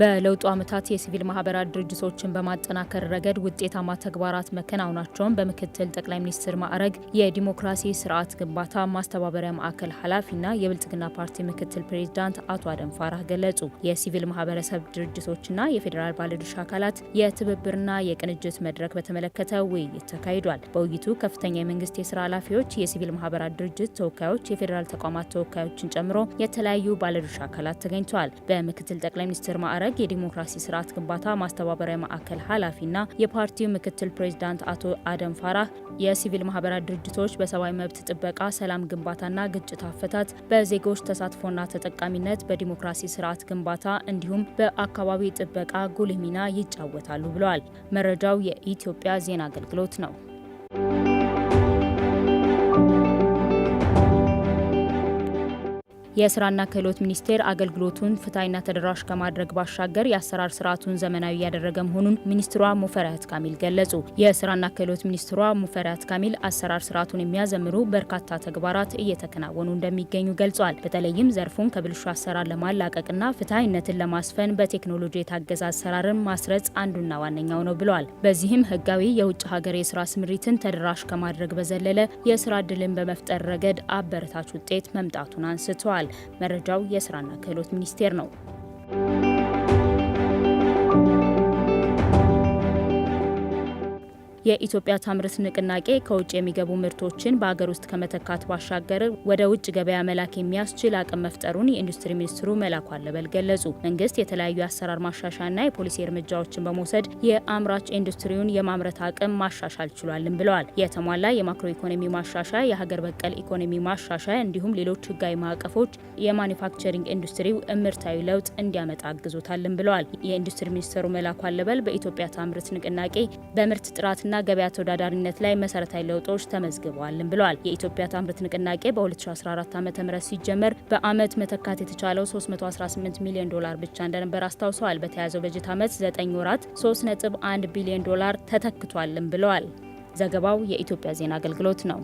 በለውጡ ዓመታት የሲቪል ማህበራት ድርጅቶችን በማጠናከር ረገድ ውጤታማ ተግባራት መከናወናቸውን በምክትል ጠቅላይ ሚኒስትር ማዕረግ የዲሞክራሲ ስርዓት ግንባታ ማስተባበሪያ ማዕከል ኃላፊና የብልጽግና ፓርቲ ምክትል ፕሬዚዳንት አቶ አደም ፋራህ ገለጹ። የሲቪል ማህበረሰብ ድርጅቶችና የፌዴራል ባለድርሻ አካላት የትብብርና የቅንጅት መድረክ በተመለከተ ውይይት ተካሂዷል። በውይይቱ ከፍተኛ የመንግስት የስራ ኃላፊዎች፣ የሲቪል ማህበራት ድርጅት ተወካዮች፣ የፌዴራል ተቋማት ተወካዮችን ጨምሮ የተለያዩ ባለድርሻ አካላት ተገኝተዋል። በምክትል ጠቅላይ ሚኒስትር ማዕረግ ማዕረግ የዲሞክራሲ ስርዓት ግንባታ ማስተባበሪያ ማዕከል ኃላፊና የፓርቲው ምክትል ፕሬዚዳንት አቶ አደም ፋራህ የሲቪል ማህበራት ድርጅቶች በሰብአዊ መብት ጥበቃ፣ ሰላም ግንባታና ግጭት አፈታት፣ በዜጎች ተሳትፎና ተጠቃሚነት፣ በዲሞክራሲ ስርዓት ግንባታ እንዲሁም በአካባቢ ጥበቃ ጉልህ ሚና ይጫወታሉ ብለዋል። መረጃው የኢትዮጵያ ዜና አገልግሎት ነው። የስራና ክህሎት ሚኒስቴር አገልግሎቱን ፍትሐዊና ተደራሽ ከማድረግ ባሻገር የአሰራር ስርዓቱን ዘመናዊ እያደረገ መሆኑን ሚኒስትሯ ሙፈሪያት ካሚል ገለጹ። የስራና ክህሎት ሚኒስትሯ ሙፈሪያት ካሚል አሰራር ስርዓቱን የሚያዘምሩ በርካታ ተግባራት እየተከናወኑ እንደሚገኙ ገልጿል። በተለይም ዘርፉን ከብልሹ አሰራር ለማላቀቅና ፍትሐዊነትን ለማስፈን በቴክኖሎጂ የታገዘ አሰራርን ማስረጽ አንዱና ዋነኛው ነው ብለዋል። በዚህም ህጋዊ የውጭ ሀገር የስራ ስምሪትን ተደራሽ ከማድረግ በዘለለ የስራ እድልን በመፍጠር ረገድ አበረታች ውጤት መምጣቱን አንስተዋል። መረጃው የስራና ክህሎት ሚኒስቴር ነው። የኢትዮጵያ ታምርት ንቅናቄ ከውጭ የሚገቡ ምርቶችን በአገር ውስጥ ከመተካት ባሻገር ወደ ውጭ ገበያ መላክ የሚያስችል አቅም መፍጠሩን የኢንዱስትሪ ሚኒስትሩ መላኩ አለበል ገለጹ። መንግስት የተለያዩ የአሰራር ማሻሻያና የፖሊሲ እርምጃዎችን በመውሰድ የአምራች ኢንዱስትሪውን የማምረት አቅም ማሻሻል ችሏልን ብለዋል። የተሟላ የማክሮ ኢኮኖሚ ማሻሻያ፣ የሀገር በቀል ኢኮኖሚ ማሻሻያ እንዲሁም ሌሎች ህጋዊ ማዕቀፎች የማኒፋክቸሪንግ ኢንዱስትሪው እምርታዊ ለውጥ እንዲያመጣ አግዞታልን ብለዋል። የኢንዱስትሪ ሚኒስትሩ መላኩ አለበል በኢትዮጵያ ታምርት ንቅናቄ በምርት ጥራትና ገበያ ተወዳዳሪነት ላይ መሰረታዊ ለውጦች ተመዝግበዋልም ብለዋል። የኢትዮጵያ ታምርት ንቅናቄ በ2014 ዓ ም ሲጀመር በአመት መተካት የተቻለው 318 ሚሊዮን ዶላር ብቻ እንደነበር አስታውሰዋል። በተያዘው በጀት ዓመት 9 ወራት 3.1 ቢሊዮን ዶላር ተተክቷልም ብለዋል። ዘገባው የኢትዮጵያ ዜና አገልግሎት ነው።